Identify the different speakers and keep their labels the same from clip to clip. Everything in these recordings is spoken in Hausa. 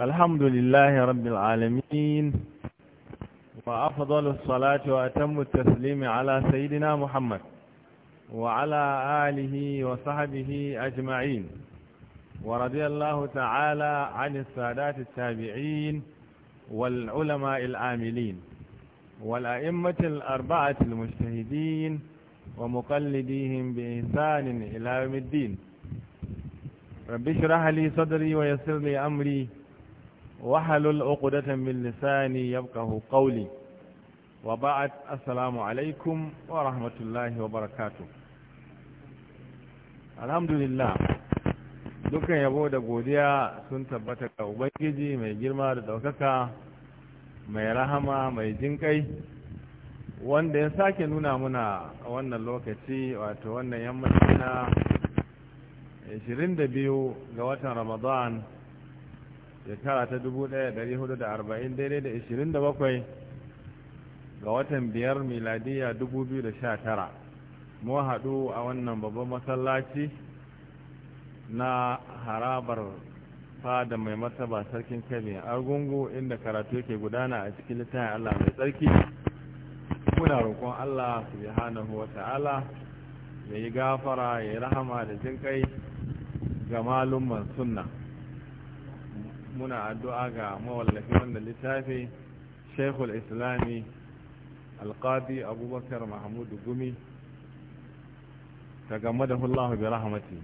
Speaker 1: الحمد لله رب العالمين وأفضل الصلاة وأتم التسليم على سيدنا محمد وعلى آله وصحبه أجمعين ورضي الله تعالى عن السادات التابعين والعلماء العاملين والأئمة الأربعة المجتهدين ومقلديهم بإنسان إلى يوم الدين رب اشرح لي صدري ويسر لي أمري وحلل عقدة من لساني يبقه قولي وبعد السلام عليكم ورحمة الله وبركاته الحمد لله dukkan yabo da godiya sun tabbata ga ubangiji mai girma da daukaka mai rahama mai jinkai wanda ya sake nuna muna a wannan lokaci wato wannan yammacin na 22 ga watan ramadan shekara ta 1440 daidai da 27 ga watan biyar miladiya 2019 mu haɗu a wannan babban masallaci na harabar fada mai martaba sarkin kame argungu inda karatu yake gudana a cikin littafin Allah mai tsarki muna roƙon Allah subhanahu wa ta'ala ya yi gafara ya yi rahama da jinƙai ga malumman sunna muna addu'a ga mawallafi wanda littafi shekul islami alƙadi abubakar mahamudu gumi ta game da hullahu bi rahmati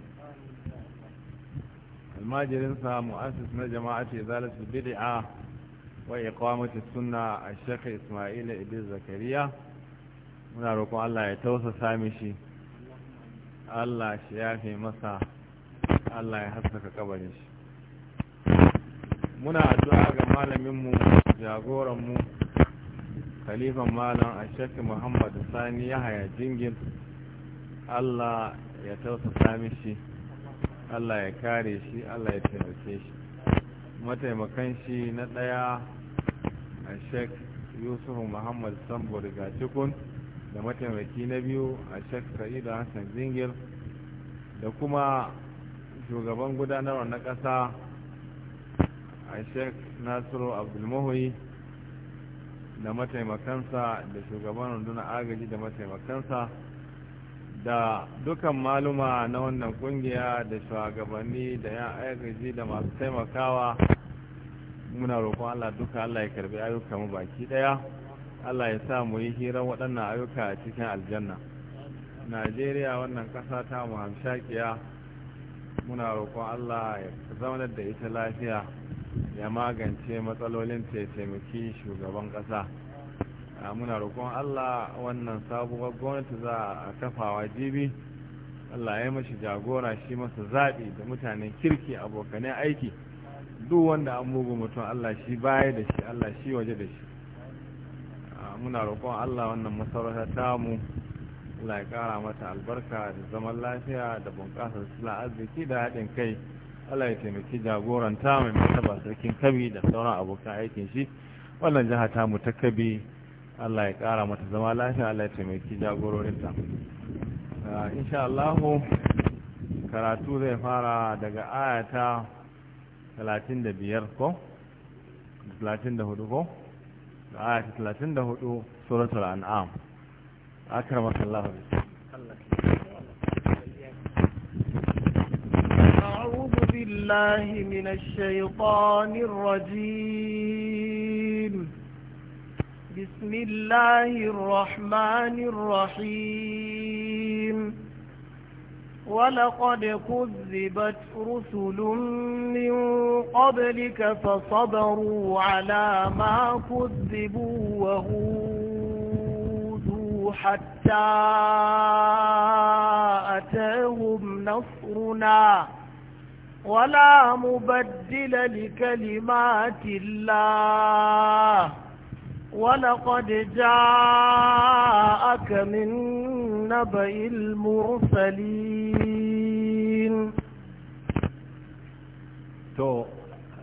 Speaker 1: almajirinsa mu'asis na jama'ati zalatul bid'a wa iqamati sunna a shekha ismaila idris zakariya muna roƙon allah ya tausasa mishi allah shi masa allah ya haskaka kabarin shi muna addu'a ga malaminmu jagoranmu khalifan malam ashek muhammad sani ya haya jingin allah ya tausasa mishi allah ya kare shi allah ya taimake shi mataimakan shi na ɗaya ashek yusuf muhammad sambo daga cikin da mataimaki na biyu ashek sa'idu hassan jingir da kuma shugaban gudanarwa na ƙasa a nasiru abdulmahoyi da mataimakansa da shugaban runduna agaji da mataimakansa da dukan maluma na wannan kungiya da shugabanni da yan agaji da masu taimakawa muna roƙon allah duka allah ya karbi ayyuka mu baki daya allah ya sa mu yi hirar waɗannan ayyuka a cikin aljanna najeriya wannan ƙasa ta mu muna roƙon allah ya zama da ita lafiya ya magance matsalolin taimaki shugaban ƙasa muna roƙon allah wannan sabuwar gwamnati za a kafawa jibi allah ya mashi jagora shi masa zaɓi da mutanen kirki abokanai aiki duk wanda an mugu mutum allah shi baya da shi allah shi waje da shi muna roƙon allah wannan masarauta mu. allah ya ƙara mata albarka da zaman lafiya da bunƙasar sila arziki da haɗin kai Allah ya taimaki jagoran ta mai martaba sarkin kabi da sauran abokan aikin shi wannan jiha ta mu ta kabi Allah ya kara mata zama lafiya Allah ya taimaki ta ah, insha Allah karatu zai fara daga ayata 35 ko 34 ko da ayata 34 suratul an'am akramakallahu
Speaker 2: Allah بالله من الشيطان الرجيم بسم الله الرحمن الرحيم ولقد كذبت رسل من قبلك فصبروا على ما كذبوا وهودوا حتى أتاهم نصرنا ولا مبدل لكلمات الله ولقد جاءك من نبأ المرسلين to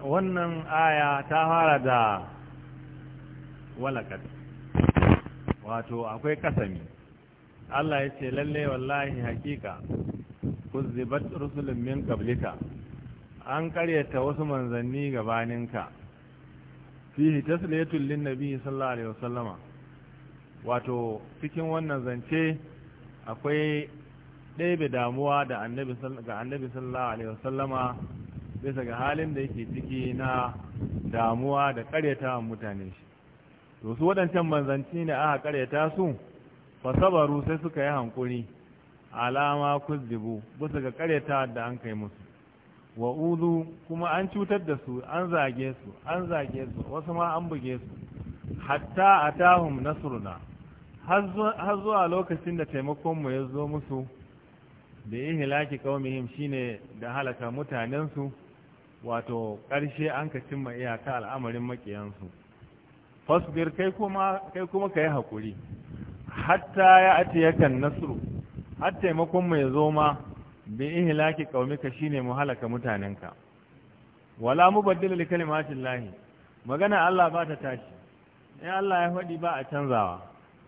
Speaker 1: wannan aya ta fara da walakat wato akwai kasami Allah ya ce lalle wallahi hakika kuzibat rusulun min qablika an karyata wasu manzanni gabaninka fihi tasliyatul nabi sallallahu alaihi wasallama wato cikin wannan zance akwai ɗebe damuwa da annabi ga annabi sallallahu alaihi wasallama bisa ga halin da yake ciki na damuwa da karyata mutane shi to su waɗancan manzanci ne aka karyata su fa sabaru sai suka yi hankuri alama kuzibu bisa ga karyata da an kai musu wa uzu kuma an cutar da su an zage su an zage su wasu ma an buge su hatta atahum nasruna har zuwa lokacin da taimakonmu ya zo musu da yin hilaki shi shine da halaka mutanensu wato ƙarshe an ka cimma iyaka al'amarin maƙiyansu fasbir kai kuma ka yi haƙuri hatta ya ati yakan Nasru. har taimakonmu ya zo ma bi ihlaki qaumika shine mu halaka mutanenka wala mubaddila li kalimatillahi magana Allah ba ta tashi eh Allah ya faɗi ba a canzawa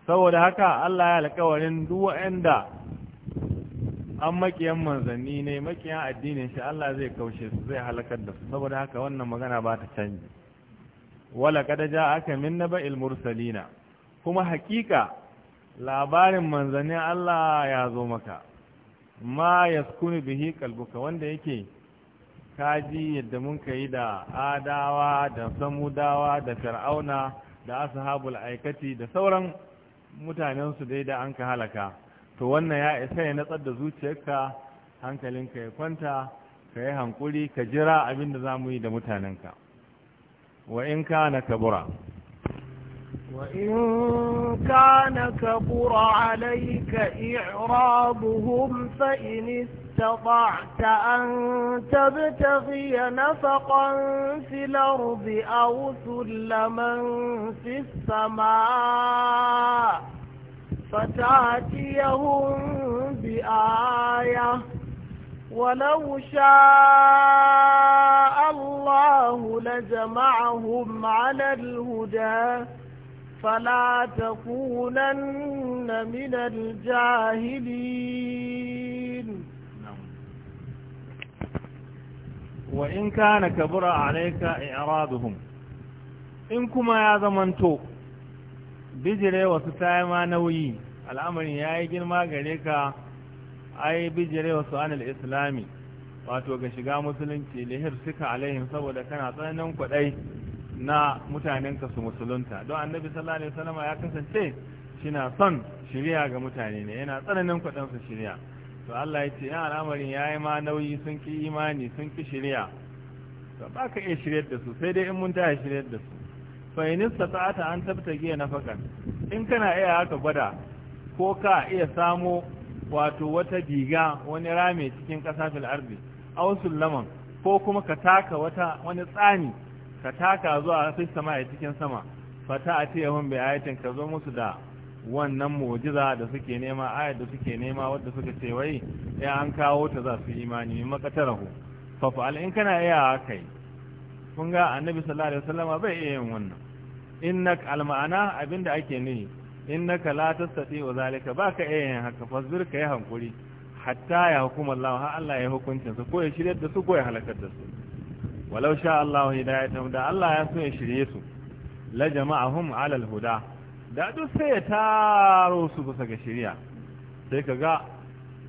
Speaker 1: saboda haka Allah ya alƙawarin duk wanda an makiyan manzanni ne makiyan addinin shi Allah zai kaushe su zai halakar da su saboda haka wannan magana ba ta canji wala kada ja min naba'il mursalina kuma hakika labarin manzanni Allah ya zo maka ma yaskunu bihi kalbuka wanda yake kaji yadda mun kai da adawa da samudawa da fir'auna da ashabul aikati da sauran mutanen su dai da an ka halaka to wannan ya isa ya natsar da zuciyarka hankalinka ya kwanta ka hankuri ka jira abin da za yi da mutanenka wa in kana kabura
Speaker 2: وإن كان كبر عليك إعرابهم فإن استطعت أن تبتغي نفقا في الأرض أو سلما في السماء فتأتيهم بآية ولو شاء الله لجمعهم على الهدى فلا تكونن من الجاهلين
Speaker 1: وإن كان كبر عليك إعراضهم in kuma ya zamanto bijire wasu ta ma nauyi al'amarin ya yi girma gare ka ai bijire wasu anil islami wato ga shiga musulunci lihir suka alaihim saboda kana tsananin kwaɗai na mutanenka su musulunta don annabi sallallahu alaihi wasallam ya kasance shina son shirya ga mutane ne yana tsananin kudin su shirya to Allah ya ce ya al'amarin yayi ma nauyi sun ki imani sun ki shirya to ba ka iya shiryar da su sai dai in mun ta shiryar da su fa in sata'ata an tabtage nafakan in kana iya haka gwada ko ka iya samo wato wata diga wani rame cikin kasafin fil ardi aw ko kuma ka taka wata wani tsani ka taka zuwa fi sama a cikin sama fata a tiya hun bai ayatin ka zo musu da wannan mu'jiza da suke nema ayat da suke nema wadda suka ce wai ya eh, an kawo ta za su yi imani mai makatarahu fa fa'al in kana iya kai kun ga annabi sallallahu alaihi wasallama bai iya yin wannan innaka alma'ana abinda ake nihi innaka la tastati wa zalika baka iya yin haka fasbir ka yi hankuri hatta ya hukuma Allah har Allah ya hukuncin su ko ya shirye da su ko ya halakar da su walau sha Allah hidayatahum da Allah ya so ya shirye su la jama'ahum ala al-huda da duk sai ya taro su bisa ga shari'a sai kaga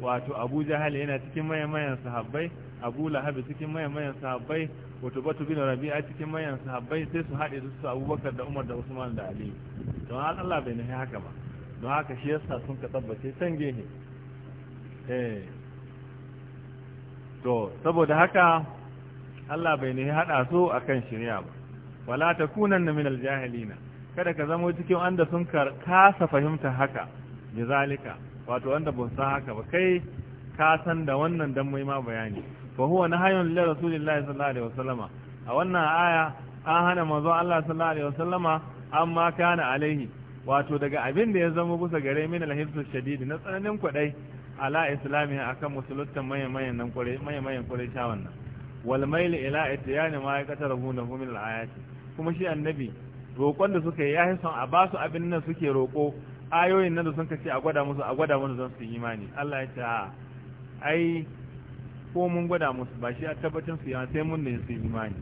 Speaker 1: wato Abu Jahal yana cikin mayamayan sahabbai Abu Lahab cikin mayamayan sahabbai wato Batu bin Rabi'a cikin mayan sahabbai sai su haɗe su Abubakar da Umar da Usman da Ali don Allah bai nahi haka ba don haka shi yasa sun ka tabbace can gehe eh to saboda haka Allah bai ne so su kan shirya ba wala na min na. kada ka zama cikin wanda sun kasa fahimta haka zalika, wato wanda ba sa haka ba kai kasan da wannan dan mai ma bayani fa huwa nahyun lil rasulillahi sallallahu alaihi wasallama a wannan aya an hana mazo Allah sallallahu alaihi wasallama amma kana alaihi wato daga abin da ya zama kusa gare min alhibsu shadidi na tsananin kwadai ala akan musulunta mayan mayan nan kwarai kwarai wannan wal mail ila ityani ma yaqtarahu lahu min al ayati kuma shi annabi roƙon da suka yi ya yi son a ba su abin nan suke roƙo ayoyin nan da sun kace a gwada musu a gwada musu don su imani Allah ya ce ai ko mun gwada musu ba shi a tabbacin su yana sai mun ne su imani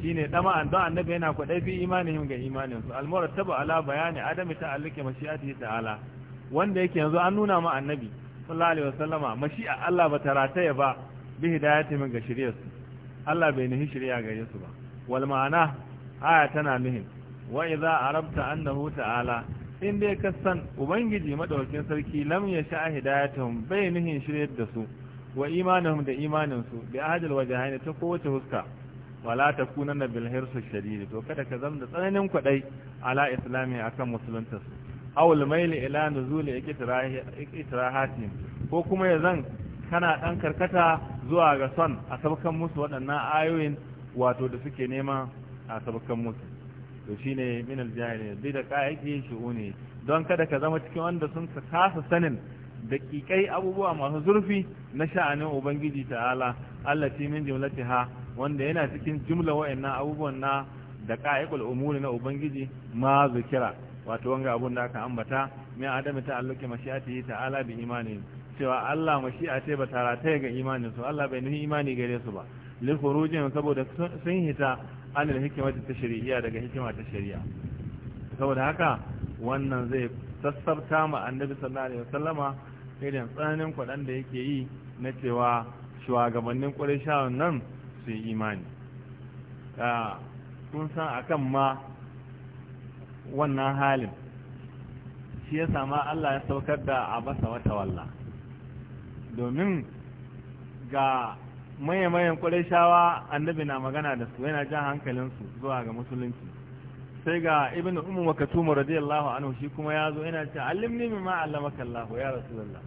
Speaker 1: shine dama an don annabi yana kwaɗai fi imanin ga imanin su almura taba ala bayani adami ta alike mashi'ati ta'ala wanda yake yanzu an nuna ma annabi sallallahu alaihi wasallama mashi'a Allah ba ta rataya ba bi taimaka ga su. Allah bai nihi shirya ga su ba wal ma'ana aya tana nihin wa idza arabta annahu ta'ala in dai ka san ubangiji madaukakin sarki lam ya sha hidayatihim bai nihin shiryar da su wa imanuhum da imanin su bi ahadil wajhaini ta kowace huska wala takunanna bil hirsu shadid to kada ka zama da tsananin kwadai ala islami akan musulunta su aw al mail ila nuzul ikitrahatin ko kuma ya zan kana dan karkata zuwa ga son a sabakan musu waɗannan ayoyin wato da suke nema a sabakan musu to shine min aljahili bai da shi shu'uni don kada ka zama cikin wanda sun kasa sanin daƙiƙai abubuwa masu zurfi na sha'anin ubangiji ta'ala Allah ci min jumlatiha wanda yana cikin jumla wa'annan abubuwan na da qa'iqul umuri na ubangiji ma zikira wato wanga abun da aka ambata min adam ta'alluqi mashiati ta'ala bi imani cewa Allah mashi'a ce ba tara ta ga imanin su Allah bai nuhi imani gare su ba lil furujin saboda sun hita anil hikima ta shari'a daga hikima ta shari'a saboda haka wannan zai sassabta ma annabi sallallahu alaihi wasallama irin tsananin kwadan da yake yi na cewa shugabannin ƙwarishawan nan su yi imani kun san akan ma wannan halin shi ya sama Allah ya saukar da a basa wata wallah domin ga maye-mayen ƙwarishawa annabi na magana da su yana jan hankalinsu zuwa ga musulunci sai ga ibn umar makatuma radiyallahu anhu shi kuma ya zo yana ce allimni min ma allamaka Allah ya rasulullah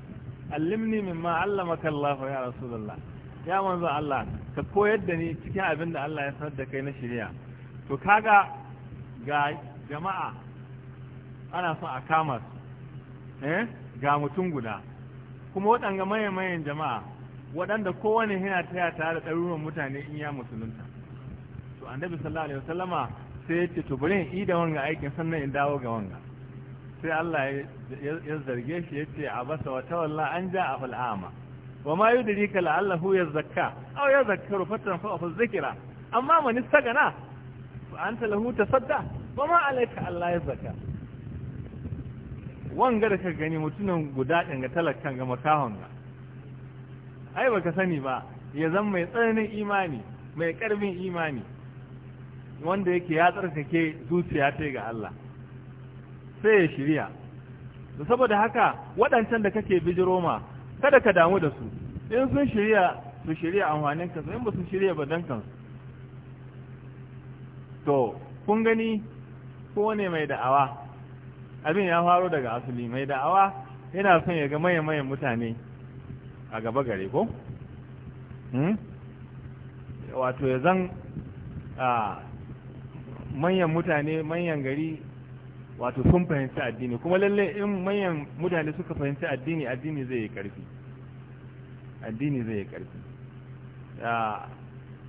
Speaker 1: allimni min ma allamaka Allah ya rasulullah ya manzo Allah ka koyar da ni cikin abin da Allah ya sanar da kai na shirya, to kaga ga jama'a ana son a kama eh, ga mutum guda kuma waɗanga mayan jama'a waɗanda kowane yana taya tare da ɗaruruwan mutane in ya musulunta to annabi sallallahu alaihi wasallama sai ya ce to bari in ida wanga aikin sannan in dawo ga wanga sai Allah ya zarge shi ya ce abasa wa tawalla an ja a fal'ama wa ma yudrika la'allahu yazakka aw yadhakkaru fatan fa fa zikra amma man istagana fa anta lahu tasadda wa ma alayka Allah yazakka wanga da ka gani mutumin guda ɗin ga talakan ga makahon ga ai baka sani ba ya zan mai tsananin imani mai ƙarfin imani wanda yake ya tsarkake zuciya ta ga Allah sai ya shirya da saboda haka waɗancan da kake bijiro ma kada ka damu da su in sun shirya su shirya amfanin kansu in ba su shirya ba dan to kun gani ko ne mai da'awa abin ya faro daga asali mai da'awa yana son ya ga mayan mutane a gaba gare ko hmm? wato ya zan manyan mutane manyan gari wato sun fahimci addini kuma lalle in manyan mutane suka fahimci addini addini zai yi karfi addini zai yi karfi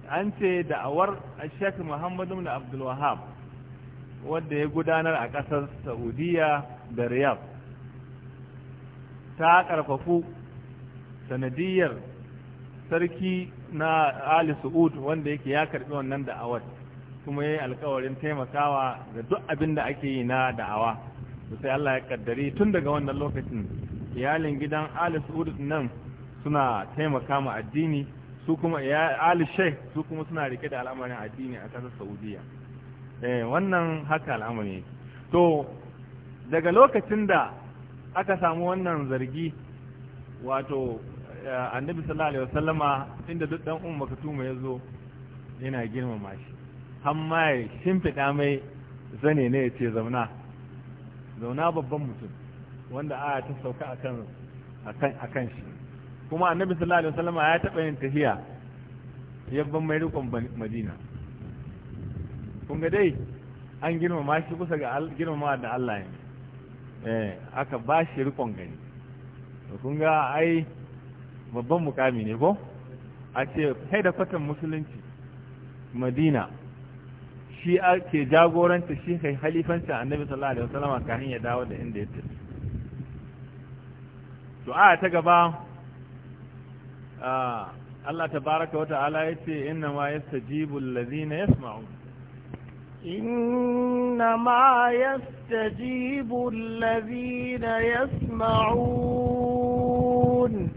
Speaker 1: an ce da'awar shek muhammadu da abdulwahab Wanda ya gudanar a ƙasar saudiya da riyadh ta ƙarfafu sanadiyar sarki na ali su'ud wanda yake ya karbi wannan da'awar kuma ya yi alkawarin taimakawa da duk abin da ake yi na da'awa sai Allah ya kaddari tun daga wannan lokacin iyalin gidan ali su'ud nan suna taimaka ma addini su kuma ali sheikh su kuma suna rike da al'amarin addini a kasar saudiya Eh, wannan haka al'amari to daga lokacin da aka samu wannan zargi wato eh, annabi sallallahu alaihi wasallama inda duk dan katuma ya yazo yana girmama shi har ma ya shimfida mai zane ne ya ce zauna zauna babban mutum wanda aya ta sauka akan akan akan shi kuma annabi sallallahu alaihi wasallama ya taba yin tahiya yabban mai rikon madina kun ga dai an girmama shi kusa ga girmama da Allah ne eh aka ba shi rikon gani to kun ga ai babban mukami ne ko a ce kai da fatan musulunci Madina shi ake jagoranta shi kai halifanta annabi sallallahu alaihi wasallam kafin ya dawo da inda ya tafi to a ta gaba ah, Allah tabaraka wa ta'ala yace inna ma yastajibu allazina yasma'un
Speaker 2: إنما يستجيب الذين يسمعون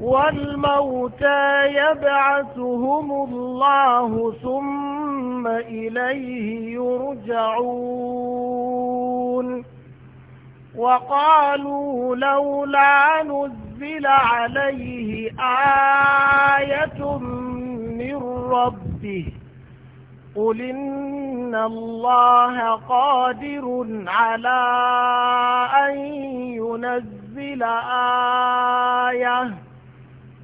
Speaker 2: والموتى يبعثهم الله ثم إليه يرجعون وقالوا لولا نزل عليه آية من ربه قل إن الله قادر على أن ينزل آية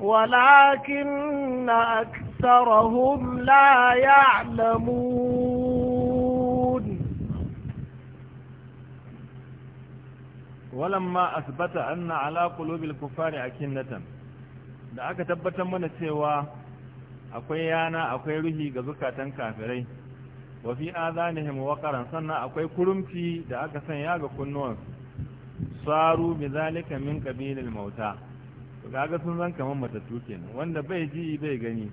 Speaker 2: ولكن أكثرهم لا يعلمون
Speaker 1: ولما أثبت أن على قلوب الكفار أكنة دعك aka من mana akwai yana akwai ruhi ga zukatan kafirai wa fi azanihim waqaran sannan akwai kurumci da aka sanya ga kunnuwan saru bi zalika min qabilil mauta kaga sun zan kaman matattu kenan wanda bai ji bai gani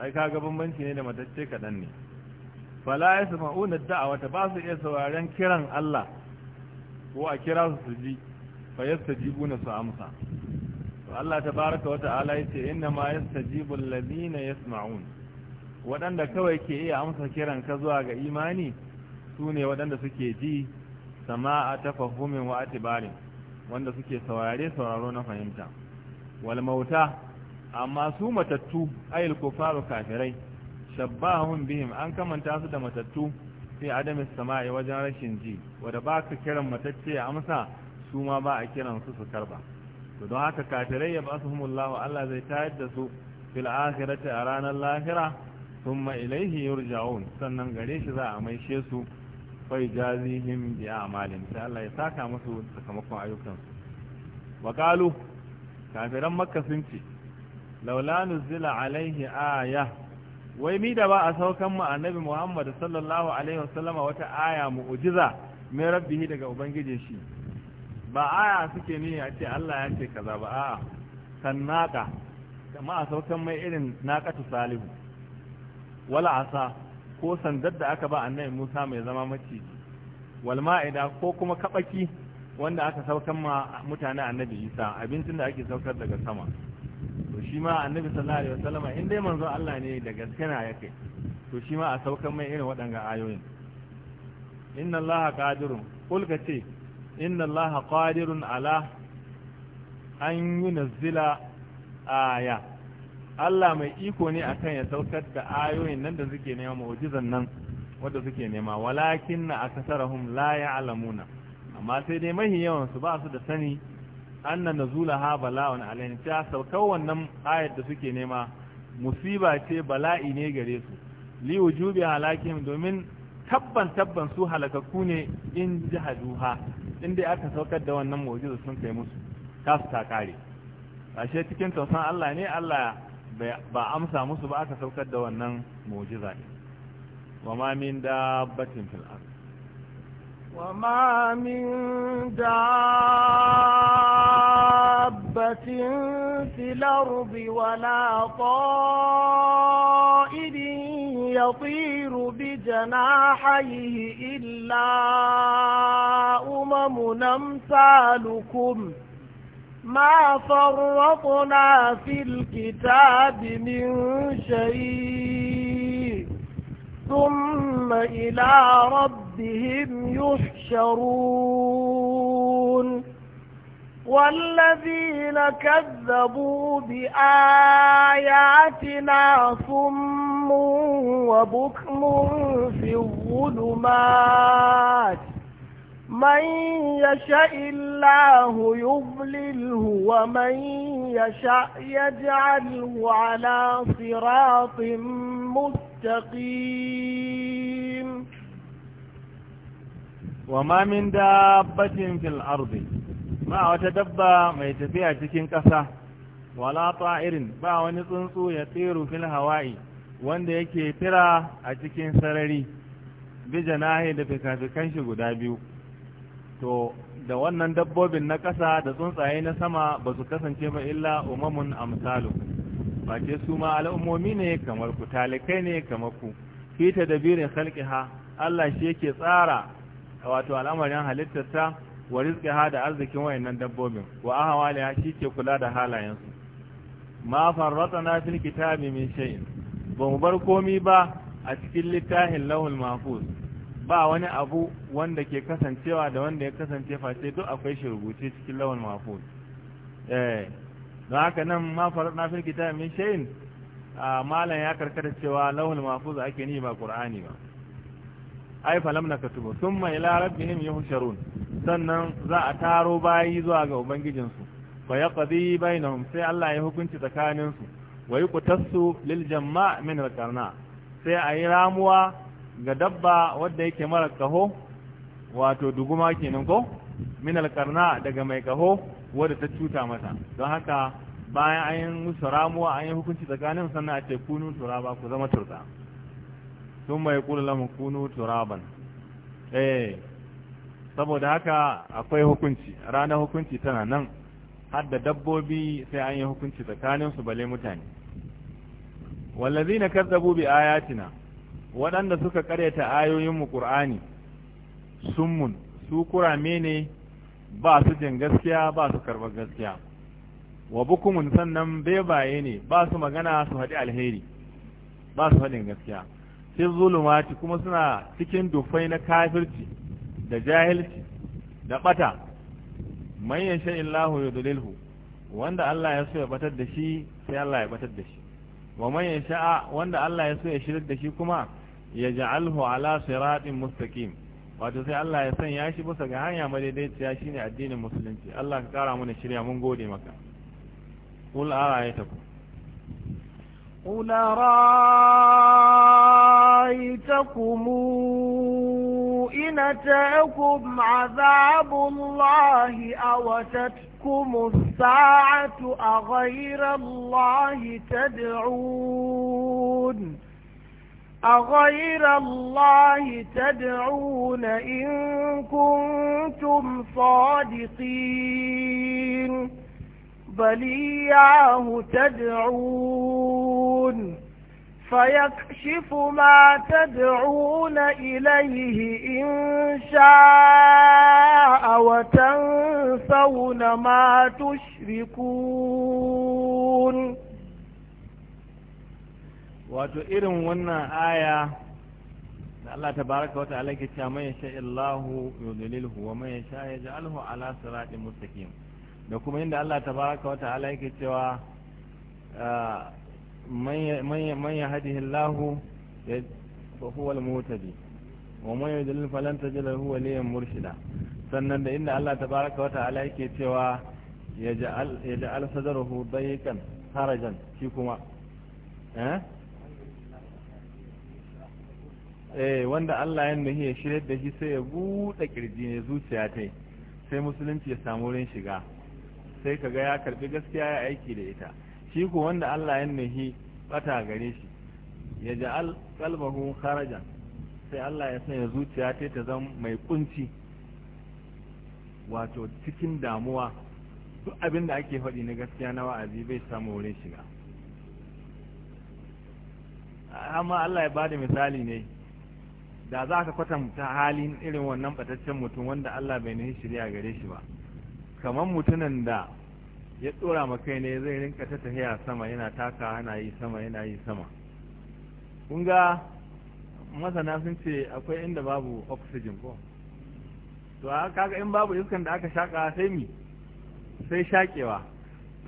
Speaker 1: ai kaga bambanci ne da matacce kadan ne fala yasma'una da'awata ba su iya sauraren kiran Allah ko a kira su su ji fa yastajibuna su amsa Allah ta baraka wa ta'ala yace inna ma yastajibu alladhina yasma'un waɗanda kawai ke iya amsa kiran ka zuwa ga imani su ne waɗanda suke ji sama'a tafahumin wa atibarin wanda suke saurare sauraro na fahimta wal mauta amma su matattu ayil kufaru kafirai shabbahum bihim an kamanta su da matattu fi adami sama'i wajen rashin ji wanda ba ka kiran matacce amsa su ma ba a kiran su su karba to don haka kafirai ya ba su humullahu Allah zai tayar da su fil akhirati a ranar lahira thumma ilayhi yurja'un sannan gare shi za a maishe su fai jazihim bi a'malin sai Allah ya saka musu sakamakon ayyukansu wa qalu kafiran makka sun ce laula nuzila alaihi aya wai mi da ba a saukan mu annabi Muhammad sallallahu alaihi wasallama wata aya mu'jiza mai rabbihi daga ubangije shi ba aya suke ne a ce Allah ya ce kaza ba a'a kan naka kama a saukan mai irin ta salihu wala asa ko sandar da aka ba annabi Musa mai zama maciji wal ma'ida ko kuma kabaki wanda aka saukan ma mutane annabi Isa abincin da ake saukar daga sama to shi ma annabi sallallahu alaihi wasallam in dai manzo Allah ne da gaske na yake to shi ma a saukan mai irin waɗanga ayoyin inna allaha qadirun qul ce inna allaha qadirun ala an yunazzila aya Allah mai iko ne akan ya saukar da ayoyin nan da suke nema mu'jizan nan wanda suke nema walakin na akasarahum la alamuna. amma sai dai mahi yawan su ba su da sani zula nazulaha bala'un alaihim ta saukar wannan ayar da suke nema musiba ce bala'i ne gare su li jubi halakim domin tabban tabban su halakakku ne in jahaduha in dai aka saukar da wannan mu'jiza sun kai musu ta su ta kare ashe cikin tausan Allah ne Allah ba amsa musu ba aka saukar da wannan mu'jiza ne wa ma min dabbatin fil ardh
Speaker 2: وما من دابة في الأرض ولا طائر يطير بجناحيه إلا أمم نمثالكم ما فرطنا في الكتاب من شيء ثم وإلى ربهم يحشرون والذين كذبوا بآياتنا صم وبكم في الظلمات من يشاء الله يضلله ومن يشاء يجعله على صراط مستقيم
Speaker 1: wa ma min dabbatin fil ardi ma wata dabba mai tafiya cikin ƙasa wala ta'irin ba wani tsuntsu ya tsiru fil hawa'i wanda yake fira a cikin sarari bi janahi da fikafikan shi guda biyu to da wannan dabbobin na ƙasa da tsuntsaye na sama ba su kasance ba illa umamun amsalu ba ce su ma al'ummomi ne kamar ku talikai ne kamar ku fita da birin ha, Allah shi yake tsara wato al'amarin halittarta wa rizqiha da arzikin wayannan dabbobin wa ahwaliha ke kula da halayensu ma farratna fil kitabi min shay'in ba mu bar komi ba a cikin littafin lahul mahfuz ba wani abu wanda ke kasancewa da wanda ya kasance face duk akwai shi rubuce cikin lahul mahfuz eh don haka nan ma farratna fil kitabi min shay'in ah, malan ya karkata cewa lahul mahfuz ake ni ba qur'ani ba ai falam na katubu thumma ila rabbihim yuhsharun sannan za a taro bayi zuwa ga ubangijinsu fa yaqdi bainahum sai Allah ya hukunci tsakanin su wa yuqtasu lil jamma' min al sai a yi ramuwa ga dabba wadda yake mara kaho wato duguma kenan ko min al daga mai kaho wadda ta cuta mata don haka bayan an yi musu ramuwa an yi hukunci tsakanin sannan a ce kunu turaba ku zama turba ثم mai لهم كونوا kunu turaban eh, saboda haka akwai hukunci ranar hukunci tana nan har da dabbobi sai an yi hukunci tsakanin su bale mutane wallazi na kazzabu bi ayatina waɗanda suka karyata mu qur'ani summun su kurame ne ba su jin gaskiya ba su karɓar gaskiya wa bukumun sannan bebaye ne ba su magana su haɗi alheri ba su haɗin gaskiya fi zulumati kuma suna cikin dufai na kafirci da jahilci da bata man yasha illahu yudlilhu wanda Allah ya so ya batar da shi sai Allah ya batar da shi wa man yasha wanda Allah ya so ya shirar da shi kuma ya ja'alhu ala siratin mustaqim wato sai Allah ya sanya shi bisa ga hanya madaidaiciya shine addinin musulunci Allah ka kara mana shirya mun gode maka qul ara'aytakum
Speaker 2: قل رأيتكم إن تأكم عذاب الله أوتتكم الساعة أغير الله تدعون أغير الله تدعون إن كنتم صادقين بل إياه تدعون فيكشف ما تدعون إليه إن شاء وتنسون ما تشركون wato irin wannan aya
Speaker 1: da Allah tabaraka wa ta'ala ke cewa man yasha Allahu yudlilhu wa man yasha alhu ala siratin mustaqim da kuma inda Allah ta baraka wata yake cewa ah, man yahdihi Lahu fa huwa mota bi wa man yudlil falan tajid huwa liyan murshida sannan da inda Allah ta baraka wata yake cewa yaj'al yaj'al sadrahu dayqan harajan shi kuma eh? eh wanda Allah ya nuhi ya shirya da shi sai ya buɗe kirji ne zuciya ta sai musulunci ya samu wurin shiga sai ka ga ya karbi gaskiya ya aiki da ita shi ku wanda Allah ya nahi bata gare shi ya ja'al qalbahu kharajan sai Allah ya sanya zuciya ta ta zama mai kunci wato cikin damuwa duk abin da ake faɗi na gaskiya na wa'azi bai samu wurin shiga amma Allah ya bada misali ne da za ka kwatanta halin irin wannan bataccen mutum wanda Allah bai nahi shirya gare shi ba kamar mutumin da ya tsora makai ne zai rinka ta tafiya sama yana taka ana yi sama yana yi sama kun ga masana sun ce akwai inda babu oxygen ko to kaga in babu iskan da aka shaka sai mi sai shakewa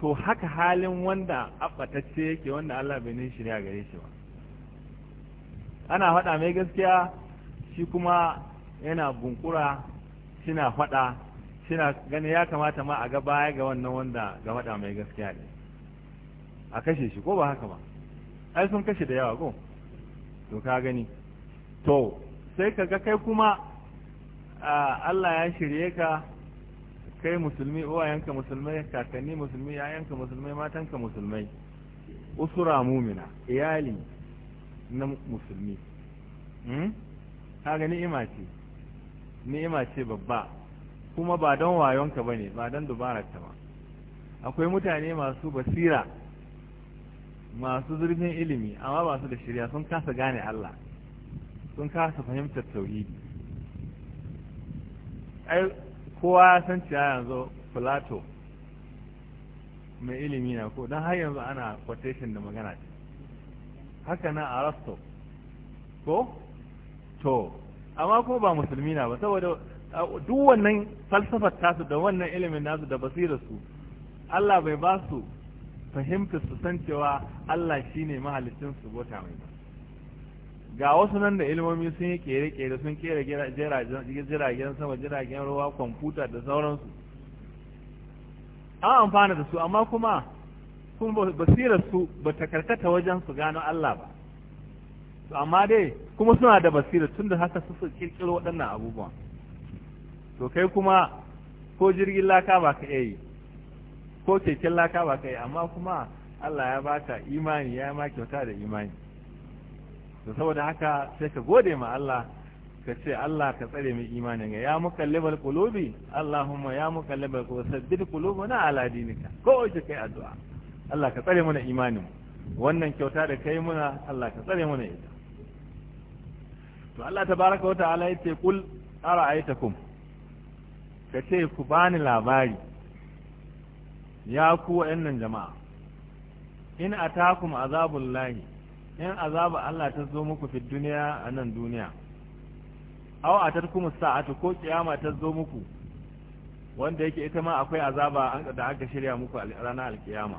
Speaker 1: to haka halin wanda abbatacce yake wanda Allah bai ne a gare shi ba ana faɗa mai gaskiya shi kuma yana bunkura shi na faɗa suna gani ya kamata ma a ga baya ga wannan wanda ga faɗa mai gaskiya ne a kashe shi ko ba haka ba ai sun kashe da yawa ko to ka gani to sai ka ga kai kuma Allah ya shirye ka kai musulmi uwayenka musulmai kakanni musulmi yayanka musulmai matanka musulmai usura mumina iyali na musulmi hmm? ka gani ni'ima ce ni'ima ce babba kuma ba don wayonka ba ne ba don dubararka ba akwai mutane masu basira masu zurfin ilimi amma ba su da shirya sun kasa gane Allah sun kasa fahimtar tauhidi ai kowa san cewa yanzu plato mai ilimi na ko don har yanzu ana quotation da magana ce haka na arasto ko to amma ko ba musulmi na ba saboda duk wannan falsafar tasu da wannan ilimin nasu da basirar su Allah bai ba su fahimta su san cewa Allah shine mahalicin su bota mai ba ga wasu nan da ilimomi sun yi kere-kere sun kere jiragen sama jiragen ruwa kwamfuta da sauransu an amfana da su amma kuma sun basirar su ba ta karkata wajen su gano Allah ba amma dai kuma suna da basira tun da haka su kirkiro waɗannan abubuwan to kai kuma ko jirgin laka ba ka yi ko keken laka ba ka yi amma kuma Allah ya baka imani ya ma kyauta da imani to saboda haka sai ka gode ma Allah ka ce Allah ka tsare mu imanin Ya ya mukallibal qulubi Allahumma ya mukallibal qulubi saddid qulubuna ala dinika ko wace kai addu'a Allah ka tsare mana imanin wannan kyauta da kai muna Allah ka tsare mana ita to Allah tabaraka wa ta'ala yace kul ara'aytakum ka ce ku bani labari ya ku nan jama'a in atakum azabun lahi in azabu Allah ta zo muku fi duniya a nan duniya aw atatkum sa'atu ko kiyama ta zo muku wanda yake ita ma akwai azaba da aka shirya muku a ranar alkiyama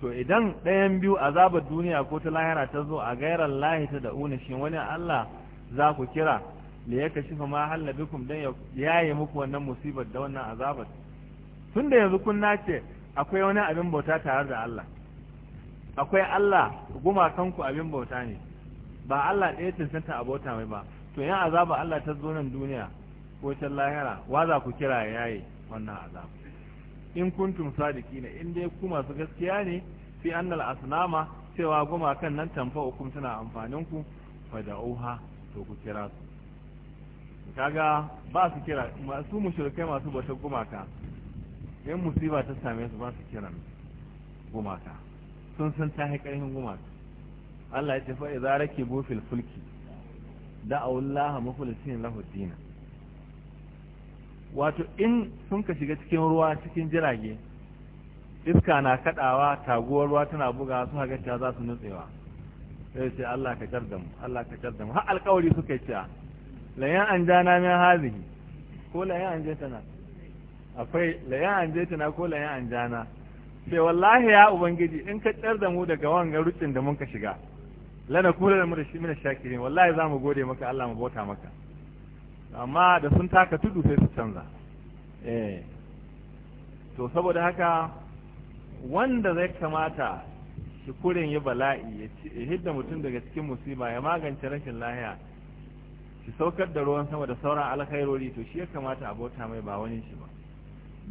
Speaker 1: to idan ɗayan biyu azabar duniya ko ta lahira ta zo a gairar lahi ta da unishin wani Allah za ku kira li fa ma halla bikum dan ya yaye muku wannan musibar da wannan azabar tunda yanzu kun nace akwai wani abin bauta tare da Allah akwai Allah kanku abin bauta ne ba Allah ɗaya cancanta a bauta mai ba to yan azaba Allah ta zo nan duniya ko ta lahira wa za ku kira yayi wannan azaba in kuntum sadiqina in dai ku masu gaskiya ne fi annal asnama cewa gumakan nan tamfa hukum suna amfanin ku fa da'uha to ku kira su kaga ba su kira masu mushirkai masu bata gumaka 'yan musiba ta same su ba su kiran gumaka sun san ta haƙarhin gumaka Allah ya ce fa idza rakibu fil fulki da'u Allah mukhlisin lahu din wato in sun ka shiga cikin ruwa cikin jirage iska na kadawa taguwar ruwa tana buga su haga ta za su nutsewa sai sai Allah ka da mu Allah ka da mu har alƙawari suka yi cewa layan an na min ko layan an akwai layan an ko layan an na sai wallahi ya ubangiji in ka tsar da mu daga wangan rutsin da muka shiga lana kula da mu da shi mina shakirin wallahi za mu gode maka Allah mu bauta maka amma da sun taka tudu sai su canza eh to saboda haka wanda zai kamata shi kurin yi bala'i ya hidda mutum daga cikin musiba ya magance rashin lahiya su saukar da ruwan sama da sauran alkhairori to shi ya kamata a bauta mai ba wani shi ba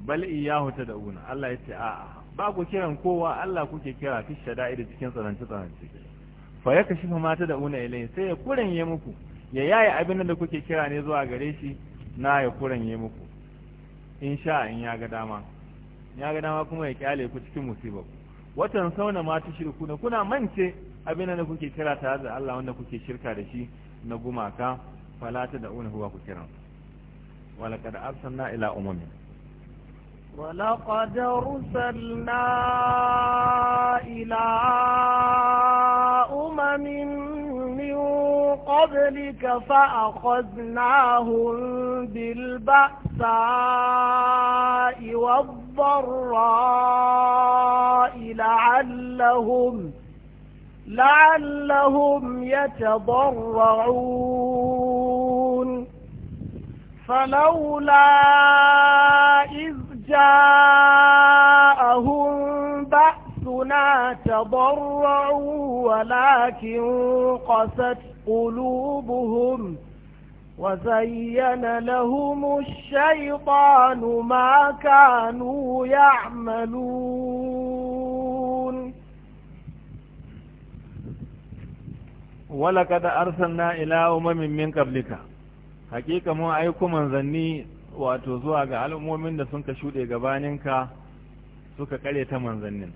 Speaker 1: bal iyahu da'una Allah ya ce a'a ba ku kiran kowa Allah kuke kira fi da cikin tsananci tsananci fa ya fa mata da una ilai sai ya kuranye muku ya yaya abin da kuke kira ne zuwa gare shi na ya kuranye muku in sha in ya ga dama ya ga dama kuma ya kyale ku cikin musiba watan sauna ma ta shirku kuna mance abin da kuke kira tare da Allah wanda kuke shirka da shi na gumaka فلا تدعونه وكثيرا ولقد أرسلنا إلى أمم
Speaker 2: ولقد أرسلنا إلى أمم من قبلك فأخذناهم بالبأساء والضراء لعلهم لعلهم يتضرعون فلولا إذ جاءهم بأسنا تضرعوا ولكن قست قلوبهم وزين لهم الشيطان ما كانوا يعملون
Speaker 1: wala kada arsalna ila umamin min qablika hakika mun aiko manzanni wato zuwa ga al'ummomin da sun ka shuɗe gabaninka suka kare ta manzannin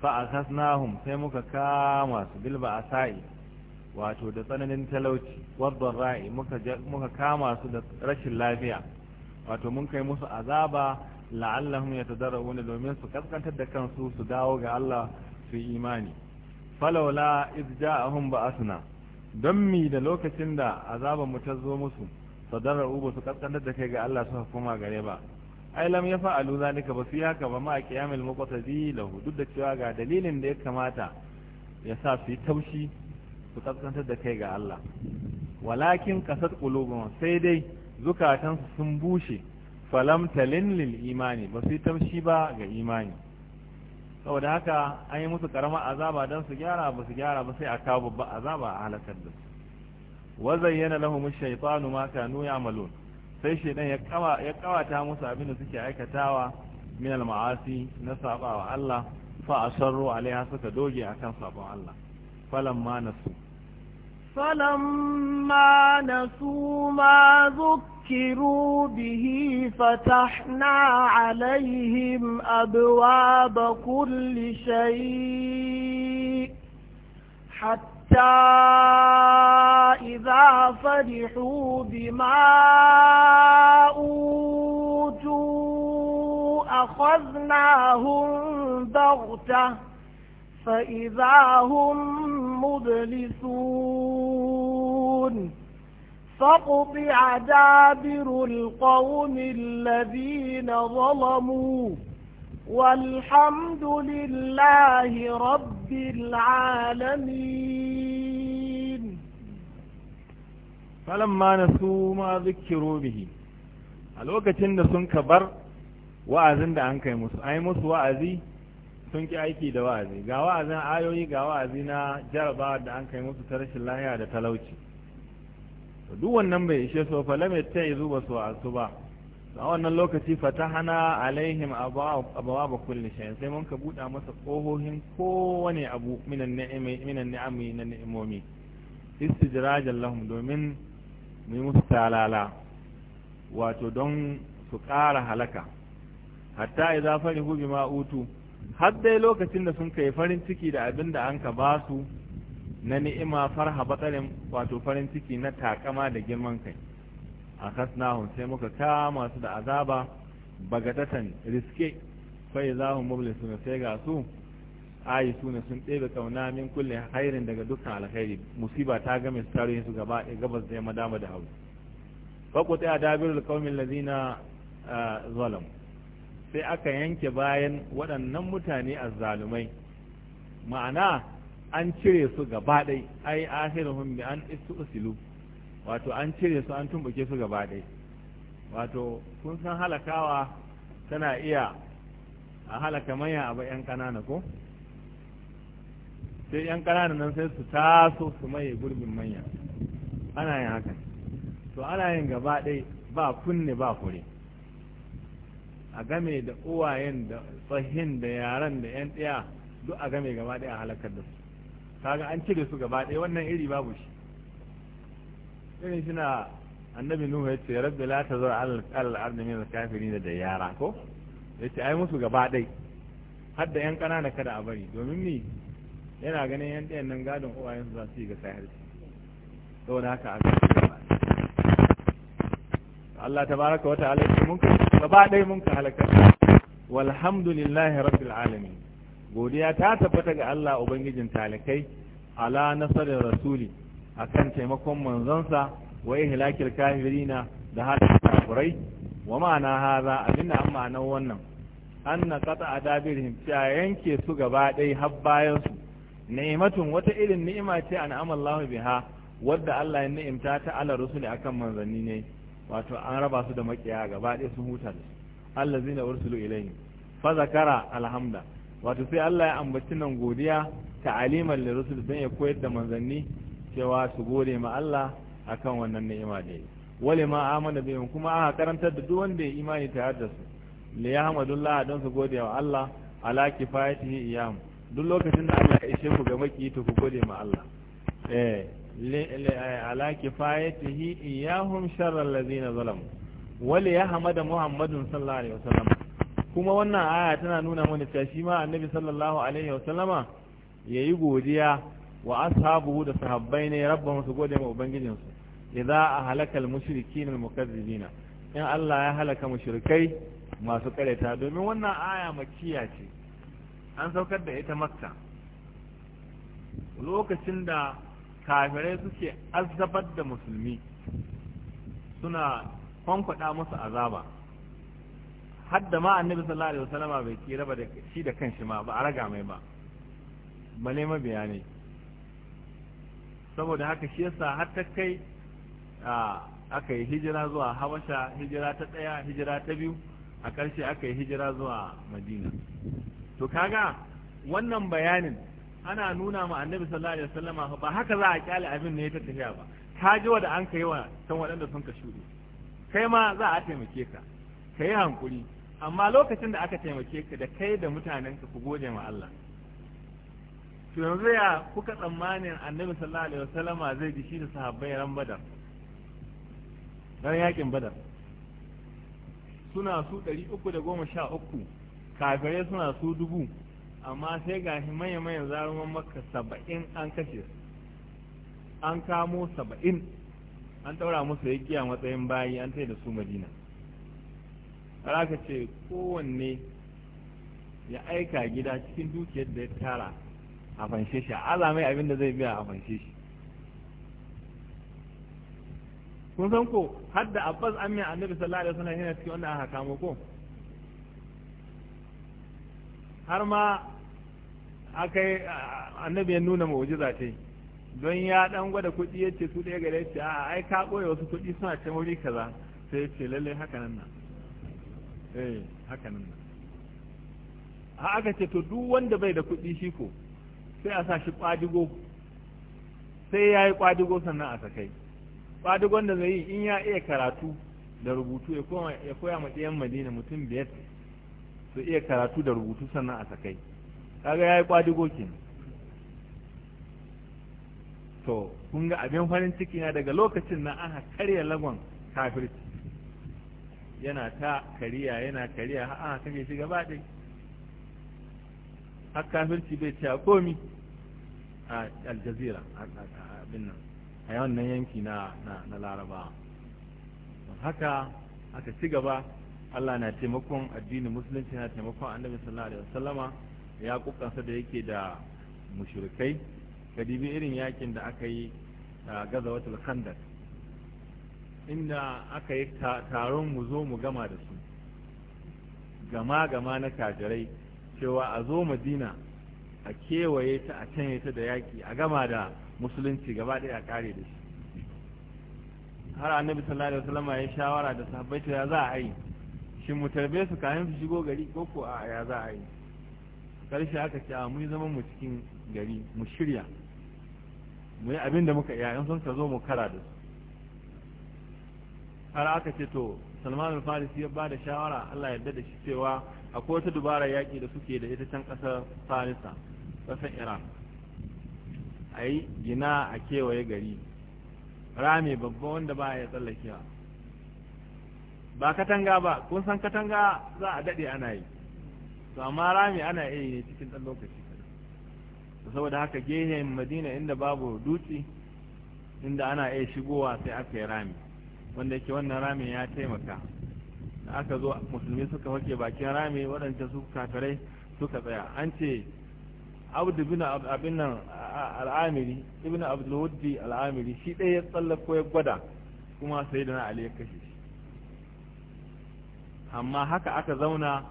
Speaker 1: fa'asasnahum sai muka kama su bilba asai wato da tsananin talauci wadda ra'i muka kama su da rashin lafiya wato mun kai musu azaba la'allahum yatadarrabuna domin su kaskantar da kansu su dawo ga Allah su imani falawla iz ja'ahum asuna don mi da lokacin da azaban mu ta zo musu sadarar uba su kaskantar da kai ga Allah suka koma gare ba ai lam ya fa'alu zalika ba su yi haka ba ma qiyamul muqtadi lahu duk da cewa ga dalilin da ya kamata ya sa su yi taushi su kaskantar da kai ga Allah walakin kasat qulubuhum sai dai zukatansu sun bushe falam talin lil imani ba su yi taushi ba ga imani saboda haka an yi musu karama azaba don su gyara ba su gyara ba sai a kawo babba azaba a halakar da su wa zayyana lahum shaytanu ma kanu ya'malun sai shaytan ya kawa ya kawata musu abin da suke aikatawa min al-ma'asi na wa Allah fa asarru alaiha suka doge akan sabon Allah falamma nasu
Speaker 2: falamma nasu ma zuk ذكروا به فتحنا عليهم أبواب كل شيء حتى إذا فرحوا بما أوتوا أخذناهم بغتة فإذا هم مبلسون فاقطع دابر القوم الذين ظلموا والحمد لله رب العالمين
Speaker 1: فلما نسوا ما ذكروا به a lokacin da sun kabar wa'azin da an kai musu ai wa'azi sun ki aiki da wa'azi ga wa'azin ayoyi ga wa'azi na jarabawa da an kai musu ta rashin lahiya da talauci to duk wannan bai ishe so fa lam yattaizu zuba su asu ba a wannan lokaci hana alaihim abawaba kulli shay sai mun ka buda masa kohohin kowane abu minan ni'ami minan ni'ami na ni'imomi istijrajan lahum domin mu musu talala wato don su kara halaka hatta idza farihu bima utu har dai lokacin da sun kai farin ciki da abinda da an ka ba su na ni'ima farha batsalin wato farin ciki na takama da girman kai a kasnahun sai muka kama su da azaba bagatatan riske fai za mu mubli suna sai ga su ayi suna sun ɗebe kauna min kulle hairin daga dukkan alkhairi musiba ta game su tarihin su gaba ɗaya gabas da yamma dama da hau fakwata ya dabirul kaumin lazina zalam sai aka yanke bayan waɗannan mutane azzalumai ma'ana an cire su gaba ɗai ai ahiruhum bi an isu usilu wato an cire su an tumbuke su gaba ɗai wato kun san halakawa tana iya a halaka manya abu yan ƙanana ko sai yan ƙanana nan sai su taso su maye gurbin manya ana yin haka to ana yin gaba ɗai ba kunne ba kure a game da uwayen da tsahin da yaran da yan ɗaya duk a game gaba ɗaya halakar da su kaga an cire su gaba ɗaya wannan iri babu shi irin shi na annabi nuhu ya ce rabbi la tazar alal ardi min al da yara ko yace ai musu gaba ɗaya har da yan kanana kada a bari domin ni yana ganin yan ɗayan nan gadon su za su yi ga shi saboda haka a Allah tabaraka wa ta'ala mun ka gaba ɗaya mun ka halaka walhamdulillahi rabbil alamin godiya ta tabbata ga Allah ubangijin talikai ala nasarar rasuli akan taimakon manzonsa wa ihlakil kafirina da halin kafirai wa ma'ana haza abinda an ma'anar wannan anna a adabirhim ta yanke su gaba ɗaya har bayan su ni'matun wata irin ni'ima ce an'ama Allahu biha wadda Allah ya ni'imta ta ala rusuli akan manzanni ne wato an raba su da makiya gaba ɗaya sun huta da su allazina ursilu ilayhi fa zakara alhamda wato sai Allah ya ambaci nan godiya aliman da rusul don ya koyar da manzanni cewa su gode ma Allah akan wannan ni'ima da yi wale ma amana bihim kuma aka karantar da duk wanda ya imani ta da su li yahmadullah don su gode wa Allah ala kifayatihi iyam duk lokacin da Allah ya ishe ku ga maki to ku gode ma Allah eh, eh ala kifayatihi iyahum sharral ladina zalamu wale ya da muhammadun sallallahu alaihi wasallam kuma wannan aya tana nuna mana cewa shi ma annabi sallallahu alaihi wa sallama yayi godiya wa ashabuhu da sahabbai ne rabbahum su gode ma ubangijin su idza ahlakal mushrikin almukazzibina in Allah ya halaka mushrikai masu kareta domin wannan aya makkiya ce an saukar da ita makka lokacin da kafirai suke azabar da musulmi suna kwankwada musu azaba hadda ma annabi sallallahu alaihi wasallam bai kira ba da shi da kanshi ma ba a raga mai ba bale mabiya ne saboda haka shi yasa har ta kai aka yi hijira zuwa habasha hijira ta ɗaya hijira ta biyu a ƙarshe aka yi hijira zuwa madina to kaga wannan bayanin ana nuna ma annabi sallallahu alaihi wasallam ba haka za a kyale abin ne ta tafiya ba ka ji wa da an kai wa san waɗanda sun ka shuɗe kai ma za a taimake ka ka yi hankuri amma lokacin da aka taimake ka da kai da mutanenka ku gode ma Allah to yanzu ya kuka tsammanin annabi sallallahu alaihi wasallama zai ji shi da sahabbai ran badar ran yakin badar suna su 313 kafirai suna su dubu amma sai ga shi manya-manyan zaruman maka saba'in an kashe an kamo saba'in an ɗaura musu yaƙi a matsayin bayi an tai da su madina har aka ce kowanne ya aika gida cikin dukiyar da ya tara a fanshe shi a mai abin da zai biya a fanshe shi kun san ko har da abbas an mai annabi sallallahu alaihi wasallam yana cikin wannan aka kamo ko har ma aka yi annabi ya nuna mu'jiza ce don ya dan gwada kuɗi yace su ɗaya gare shi a ai ka ɓoye wasu kuɗi suna can wuri kaza sai ya ce lallai haka nan na eh haka nan a aka ce to duk wanda bai da kuɗi shi ko sai a sa shi ƙwadigo sai ya yi ƙwadigo sannan a sakai ƙwadigon da zai yi in ya iya karatu da rubutu ya koya ma ɗiyan madina mutum biyar su iya karatu da rubutu sannan a sakai kaga ya yi ƙwadigo kenan to kun ga abin farin ciki na daga lokacin na aka karya lagon kafirci yana ta kariya yana kariya a aka kashe shi gaba ɗai a kafirci bai ci a komi a aljazira a yawan nan yanki na larabawa haka aka ci gaba Allah na taimakon addinin musulunci na taimakon annabi sallallahu alaihi wasallama ya kukansa da yake da mushrikai kadibi irin yakin da aka yi a gazawatul khandaq inda aka yi taron mu zo mu gama da su gama-gama na kajirai cewa a zo madina a kewaye ta a canye ta da yaƙi a gama da musulunci gaba ɗaya a kare da shi har annabi sallallahu alaihi wasallam ya shawara da sahabbai ya za a yi shin mu tarbe su kayan su shigo gari ko ko a ya za a yi karshe aka ce a mun zama mu cikin gari mu shirya mu yi abin da muka iya in sun ka zo mu kara da su har aka ce to salman al-farisi ya bada shawara Allah ya da shi cewa akwai wata dubara yaki da suke da ita can kasar farisa kasar iran a yi gina a kewaye gari rami babba wanda ba ya tsallakewa ba katanga ba kun san katanga za a daɗe ana yi to amma rami ana iya ne cikin ɗan lokaci saboda haka gehen madina inda babu dutse inda ana iya shigowa sai aka yi rami wanda yake wannan rami ya taimaka da aka zo musulmi suka fake bakin rami waɗanda su kafirai suka tsaya an ce abdu bin abin al'amiri ibn abdulwuddi al'amiri shi ɗaya ya tsallako ya gwada kuma sai da na ali ya kashe shi amma haka aka zauna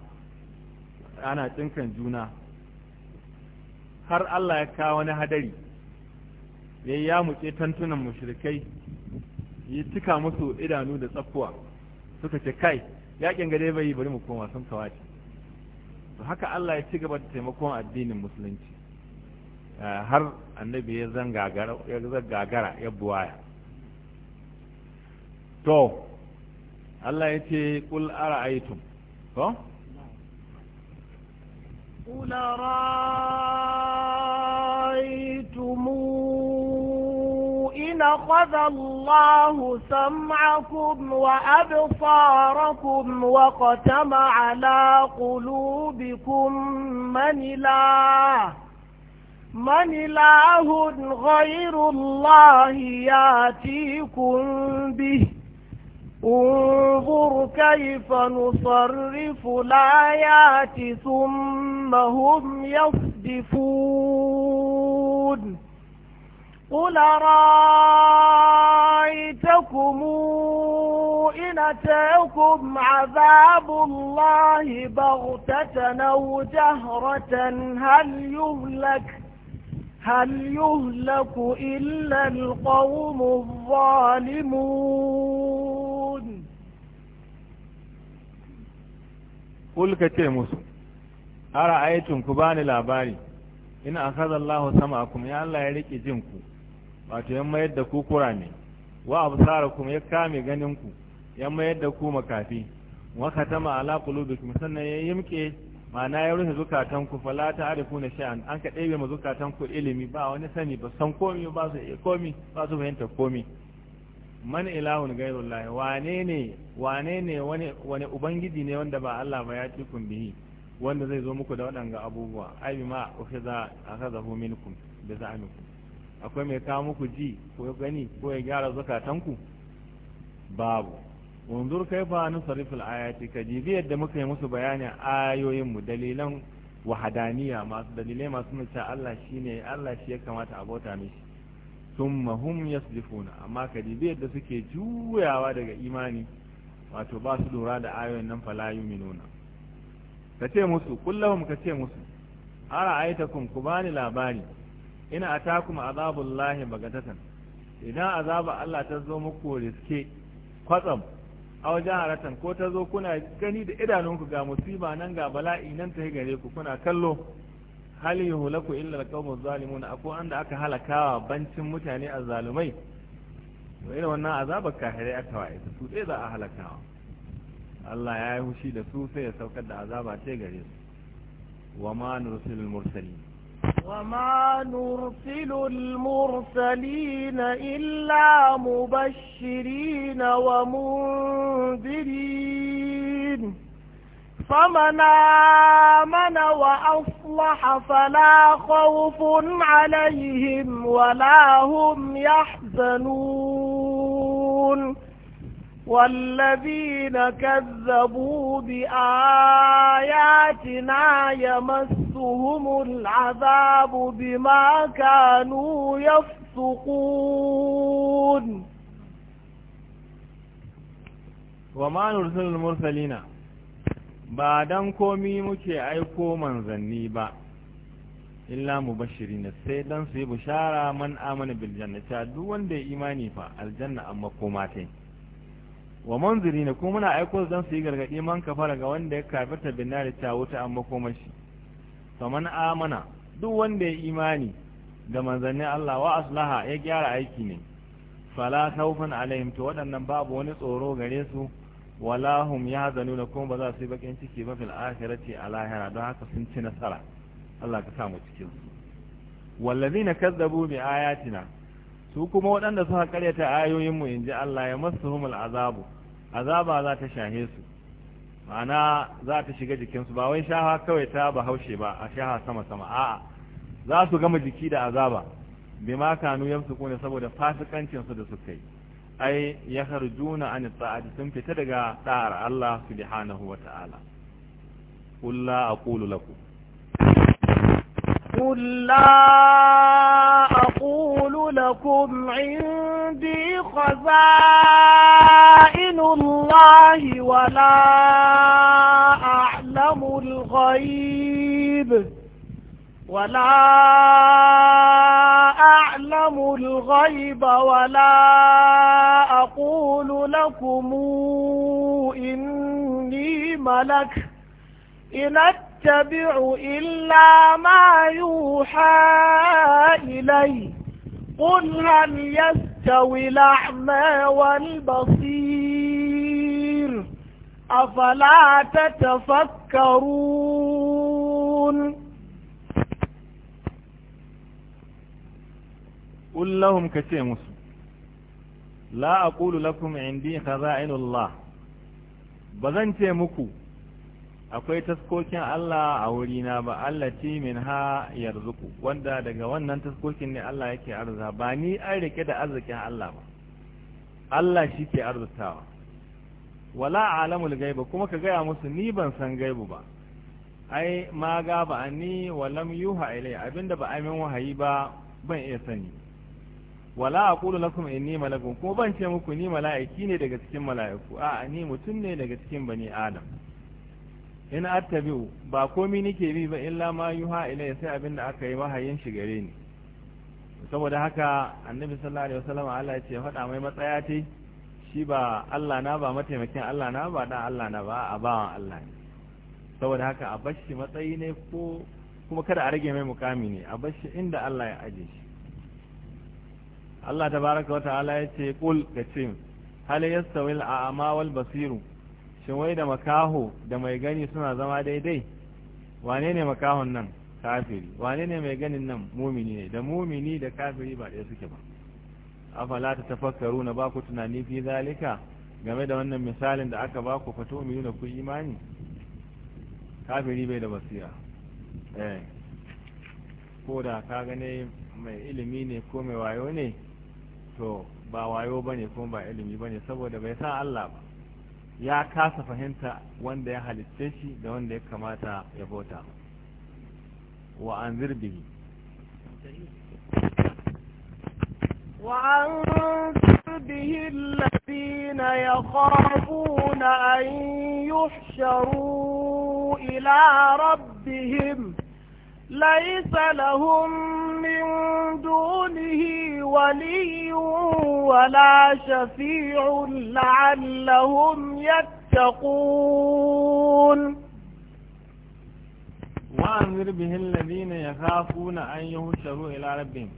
Speaker 1: ana tsinkan juna har Allah ya kawo wani hadari ya yi ya mutse tantunan mushrikai yi cika musu idanu da tsaffuwa suka ce kai yakin gare bai bari mu koma sun kawace to haka Allah ya ci gaba da taimakon addinin musulunci eh, har annabi ya zangagara ya zangagara ya buwaya to Allah ya ce kul ara'aytum to
Speaker 2: kul إن أخذ الله سمعكم وأبصاركم وقتم على قلوبكم من إله من إله غير الله ياتيكم به انظر كيف نصرف الآيات ثم هم يصدفون قل رأيتكم إن أتاكم عذاب الله بغتة أو جهرة هل يهلك هل يهلك إلا القوم الظالمون
Speaker 1: قل كتيموس أرأيتم كبان الأباري إن أخذ الله سمعكم يا الله يريك جنكم wato yan mayar da ku ne wa kuma ya kame ganin ku yan mayar da ku makafi wa khatama ala qulubikum sannan ya yimke ma'ana ya rufe zukatan ku fala ta'rifuna shay'an an ka ɗebe ma zukatan ku ilimi ba wani sani ba san komi ba su iya komi ba su fahimta komi man ilahun gairullah wane ne wane ne wani wani ubangiji ne wanda ba Allah ba ya tikun bihi wanda zai zo muku da waɗanga abubuwa ai ma ukhiza akhadahu minkum bi za'amikum akwai mai kawo muku ji ko gani ko ya gyara zakatanku babu wanzur kai fa sarifin ayati ka ji jibi yadda muka yi musu bayanin ayoyin mu dalilan wahadaniya masu dalilai masu nuna Allah shine Allah shi ya kamata a bauta mishi thumma hum yasdifuna amma ka ji jibi yadda suke juyawa daga imani wato ba su lura da ayoyin nan fala yuminuna ka ce musu kullahum ka ce musu ara aitakum ku bani labari ina atakum azabullahi bagatatan idan azaba Allah ta zo muku riske kwatsam a wajen haratan ko ta zo kuna gani da idanunku ga musiba nan ga bala'i nan ta gare ku kuna kallo hal yuhlaku illa alqawmuz zalimun akwai anda aka halakawa bancin mutane azzalumai to irin wannan azabar kahirai a waye su dai za a halakawa Allah ya yi hushi da su sai ya saukar da azaba ce gare su wa ma nursilul mursalin
Speaker 2: وما نرسل المرسلين إلا مبشرين ومنذرين فمن آمن وأصلح فلا خوف عليهم ولا هم يحزنون والذين كذبوا بآياتنا يمسهم العذاب بما كانوا يفسقون
Speaker 1: وما نرسل المرسلين ba dan komi muke aiko manzanni ba illa mubashirin sai dan su yi bishara man amana bil jannata duk wanda ya imani fa aljanna amma koma tai wa manziri ne kuma muna aiko don su yi gargaɗi man kafara ga wanda ya kafirta bin nari ta wuta an shi faman amana duk wanda ya imani da manzanni Allah wa aslaha ya gyara aiki ne fala khawfan alaihim to waɗannan babu wani tsoro gare su wala hum na kuma ba za su yi bakin ciki ba fil akhirati a lahira don haka sun ci nasara Allah ka sa mu cikin su wallazina kazzabu bi ayatina su kuma waɗanda suka karyata ayoyinmu in ji Allah ya masu humul azabu azaba za ta shahe su ma'ana za ta shiga jikinsu ba wai shaha kawai ta bahaushe ba a shaha sama-sama a'a za su gama jiki da azaba bi ma kanu yamsu kone saboda su da suka yi ai ya harjuna an ta'ati sun fita daga ɗa'ar Allah subhanahu wa ta'ala qul la aqulu lakum قل
Speaker 2: لا أقول لكم عندي خزائن الله ولا أعلم الغيب ولا أعلم الغيب ولا أقول لكم إني ملك إن أتبع إلا ما يوحى إلي قل هل يستوي الأعمى والبصير أفلا تتفكرون
Speaker 1: قل لهم كثير مسلم لا أقول لكم عندي خزائن الله بذنتي مكو akwai taskokin Allah a wurina ba Allah ti min ha yarzuku wanda daga wannan taskokin ne Allah yake arza ba ni an rike da arzikin Allah ba Allah shi ke arzutawa wala alamul gaiba kuma ka gaya musu ni ban san gaibu ba ai ma ga ba ni walam yuha ilai abinda ba amin wahayi ba ban iya sani wala aqulu lakum inni malakun kuma ban ce muku ni mala'iki ne daga cikin mala'iku a ni mutum ne daga cikin bani adam in attabi'u ba komi nake bi ba illa ma yuha ilayya sai abin da aka yi wahayin shi gare ni saboda haka annabi sallallahu alaihi wasallam Allah ya ce faɗa mai matsaya ce shi ba Allah na ba mataimakin Allah na ba dan Allah na ba a bawan Allah ne saboda haka a bashi matsayi ne ko kuma kada a rage mai mukami ne a bashi inda Allah ya aje shi Allah tabaraka wa ta'ala ya ce qul ka hal yastawil a'ma wal basiru shin wai da makaho da mai gani suna zama daidai wane ne makahon nan kafiri wane ne mai ganin nan mumini ne da mumini da kafiri ba ɗaya suke ba afala ta tafakkaru na baku tunani fi zalika game da wannan misalin da aka baku fato mu na ku imani kafiri bai da basira eh ko da ka gane mai ilimi ne ko mai wayo ne to ba wayo bane ko ba ilimi bane saboda bai san Allah ba ya kasa fahimta wanda ya halitte shi da wanda ya kamata ya bauta wa an zirbihi
Speaker 2: وأنذر به الذين يخافون أن يحشروا إلى ربهم ليس لهم دونه ولي ولا شفيع لعلهم يتقون
Speaker 1: وأنذر به الذين يخافون أن يهشروا إلى ربهم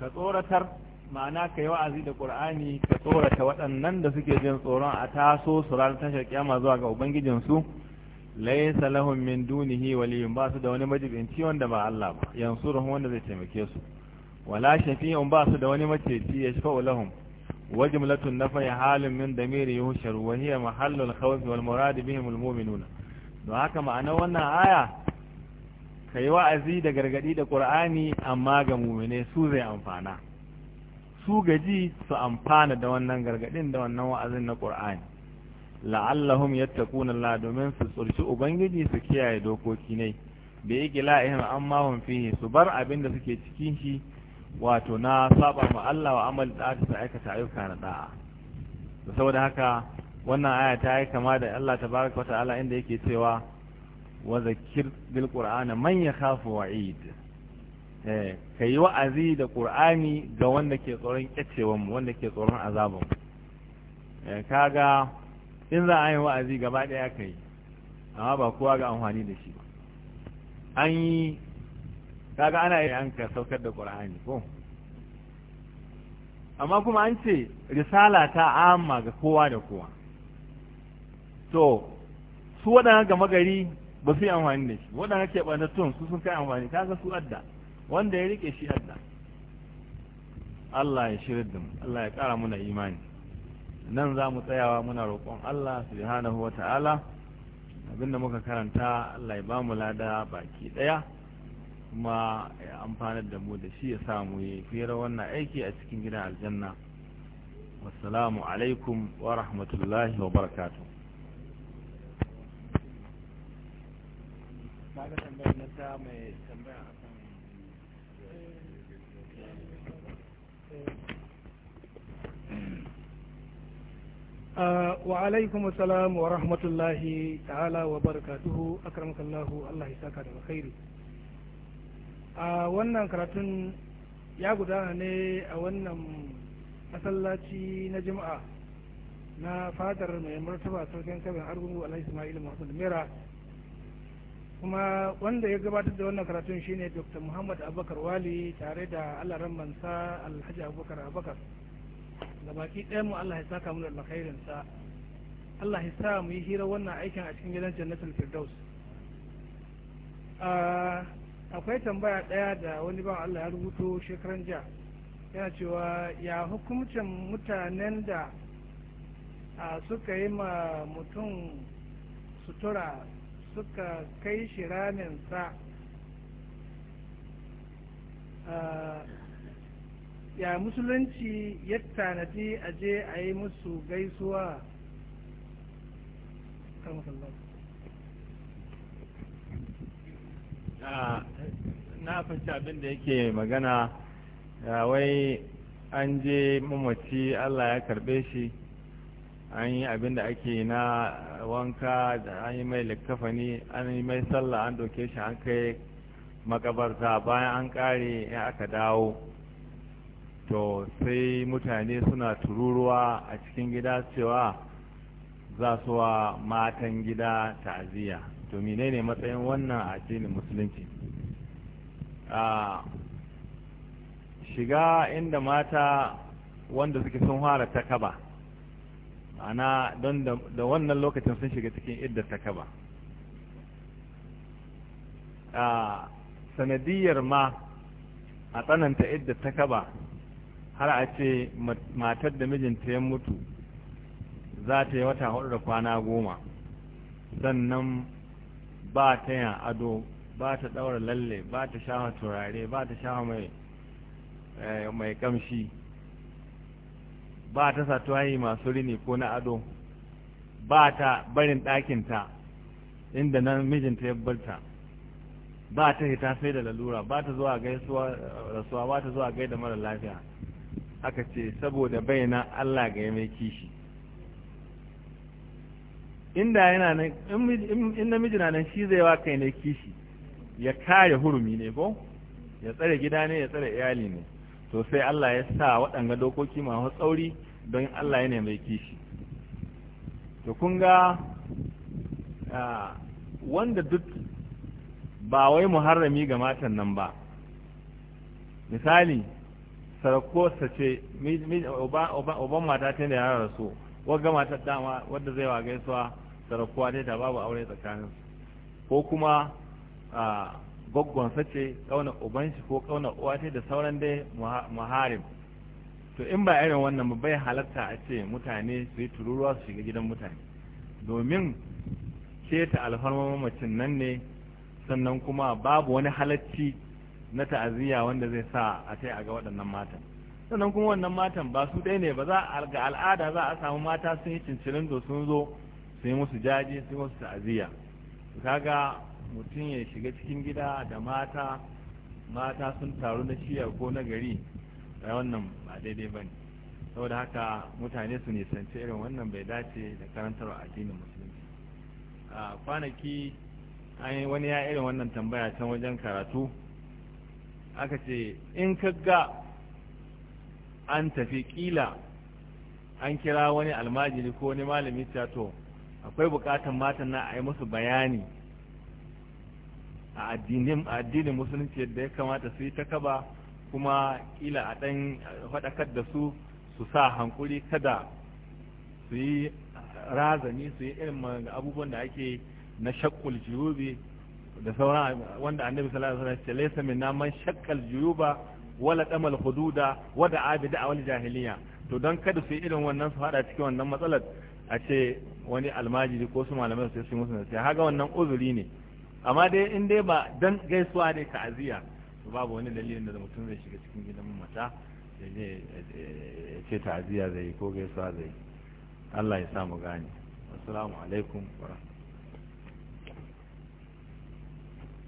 Speaker 1: كثورة ma'ana ka yi wa'azi da ƙur'ani ka tsorata waɗannan da suke jin tsoron a taso su ranar tashar kyama zuwa ga ubangijinsu laysa lahum min dunihi waliyun ba su da wani majibinci wanda ba Allah ba yansuruhum wanda zai taimake su wala shafi'un ba da wani maceci ya shafa lahum wajmlatun nafai halun min damiri yushar wa hiya mahallul khawf wal murad bihim al mu'minun do haka ma'ana wannan aya kai wa'azi da gargadi da qur'ani amma ga mu'mine su zai amfana su gaji su amfana da wannan gargadin da wannan wa'azin na qur'ani la'allahum yattaquna Allah domin su tsorci ubangiji su kiyaye dokoki ne bi iqla'ihim amma hum fihi su bar abin da suke cikin shi wato na saba ma Allah wa amal da ta aikata ayyuka na da'a saboda haka wannan aya ta yi kama da Allah tabaraka wata'ala inda yake cewa wa zakir bil qur'ana man yakhafu wa'id eh kai wa'azi da qur'ani ga wanda ke tsoron kyacewan mu wanda ke tsoron azabun eh, kaga in za a yi wa'azi gaba ɗaya ka yi amma ba kowa ga amfani da shi ba an yi kaga ana yi an ka saukar da ƙur'ani ko amma kuma an ce risala ta amma ga kowa da kowa to su waɗanda gama gari ba su yi amfani da shi waɗanda ke tun su sun kai amfani kaga su adda wanda ya rike shi adda Allah ya shirin da mu Allah ya ƙara muna imani nan za mu tsayawa muna roƙon Allah subhanahu wa ta'ala abinda muka karanta Allah ya ba mu lada baki ɗaya kuma ya amfanar da mu da shi ya samu yi fira wannan aiki a cikin gidan aljanna wassalamu alaikum wa rahmatullahi wa barakatu
Speaker 3: Thank you. Uh, wa alaikum assalam wa rahmatullahi ta'ala wa barakatuhu akramakallahu Allah ya saka da alkhairi a uh, wannan karatun ya gudana ne a wannan masallaci na jama'a na fadar mai martaba sarkin kabin argungu alhaji ismail muhammad mera kuma wanda ya gabatar da wannan karatun shine dr muhammad abubakar wali tare da alaran mansa alhaji abubakar abubakar da baki ɗaya mu Allah ya saka mu da alkhairin sa Allah ya sa mu yi hira wannan aikin a cikin gidan jannatul firdaus ah, akwai tambaya ɗaya da wani ba Allah ya rubuto shekaran jiya yana cewa ya hukumcin mutanen da ah, suka yi ma mutum sutura suka kai shi sa. Ah, ya musulunci ya tanadi a je a yi musu gaisuwa
Speaker 1: ah, na fahimci abin da yake magana ah, wai an je mamaci allah ya karbe shi an yi abin da ake na wanka da an yi mai likafani an yi mai sallah an doke shi an kai makabarta bayan an kare ya aka dawo to sai mutane suna tururuwa a cikin gida cewa za su wa matan gida ta'aziyya to menene matsayin wannan a addinin musulunci a shiga inda mata wanda suke sun fara takaba ana don da wannan lokacin sun shiga cikin idda takaba a sanadiyar ma a tsananta idda takaba har a ce matar da mijinta ya mutu za ta yi wata hudu da kwana goma sannan ba ta yin ado ba ta daura lalle ba ta shafa turare ba ta shafa mai eh, mai kamshi ba ta sa tuwayi masu rini ko na ado ba ta barin ɗakinta inda nan mijinta ya barta ba ta hita sai da lalura ba ta zuwa gaisuwa rasuwa ba ta zuwa gaida mara lafiya aka ce saboda bayyana Allah ga mai kishi inda yana nan in namiji na nan shi zai wa kai ne kishi ya kare hurumi ne ko ya tsare gida ne ya tsare iyali ne to sai Allah ya sa waɗanga dokoki masu tsauri don Allah yana mai kishi to kun ga wanda duk ba wai muharrami ga matan nan ba misali sarakuwarsa ce uban mata ta da yara rasu wadda matar dama wadda zai wa gaisuwa sarakuwa ne da babu aure tsakanin ko kuma gwaggwansa ce kauna uban shi ko kauna uwa ce da sauran dai muharim to in ba irin wannan bai halatta a ce mutane su yi tururuwa su shiga gidan mutane domin keta alfarmar mamacin nan ne sannan kuma babu wani halacci na ta'aziyya wanda zai sa a tai a ga waɗannan matan sannan kuma wannan matan ba su ɗaya ne ba za a ga al'ada za a samu mata sun yi cincirin da sun zo su yi musu jaji su yi musu ta'aziyya kaga mutum ya shiga cikin gida da mata mata sun taru na shiya ko na gari da wannan ba daidai ba ne saboda haka mutane su nisanci irin wannan bai dace da karantarwa addinin musulunci a kwanaki wani ya irin wannan tambaya can wajen karatu aka ce in kaga an tafi kila an kira wani almajiri ko wani malami to akwai bukatan matan na a yi musu bayani a addinin musulunci yadda ya kamata su yi ta kaba kuma kila a ɗan faɗakar da su su sa hankuri kada su yi razani su yi irin abubuwan da ake na shakul jirubi da sauran wanda annabi sallallahu alaihi wasallam ya ce laysa minna man shakkal juyuba wala damal hududa wada abida a wani jahiliya to don kada su yi irin wannan su hada cikin wannan matsalar a ce wani almajiri ko su malamai su yi musu nasiha haga wannan uzuri ne amma dai in dai ba dan gaisuwa ne ta'aziyya to babu wani dalilin da mutum zai shiga cikin gidan mata ya je ya ce ta'aziyya zai ko gaisuwa zai Allah ya mu gane assalamu alaikum wa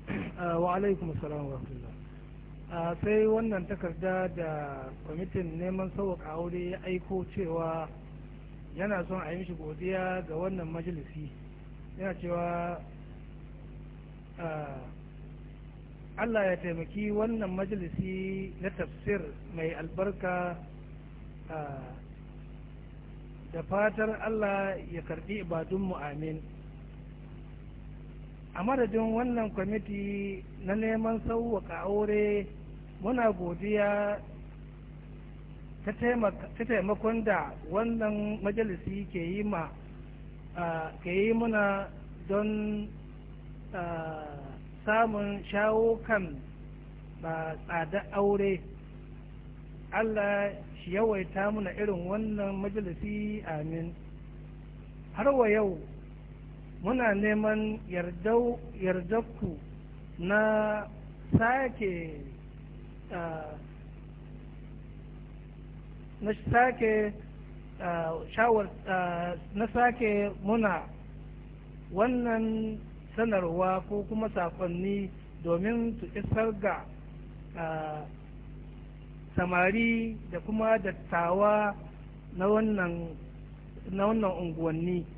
Speaker 3: wa alaikum assalam wa rahmatullah sai wannan takarda da kwamitin neman sauwaka aure ya aiko cewa yana son a yi mishi godiya ga wannan majalisi yana cewa Allah ya taimaki wannan majalisi na tafsir mai albarka da fatar Allah ya karbi ibadunmu amin a madadin wannan kwamiti na neman sauwaka aure muna godiya ta taimakon da wannan majalisi ke yi ma ke yi muna don samun shawo kan tsada aure Allah shi yawaita muna irin wannan majalisi amin har wa yau muna neman yardarku na sake na sake na sake muna wannan sanarwa ko kuma sakonni domin su isar ga samari da kuma dattawa na wannan unguwanni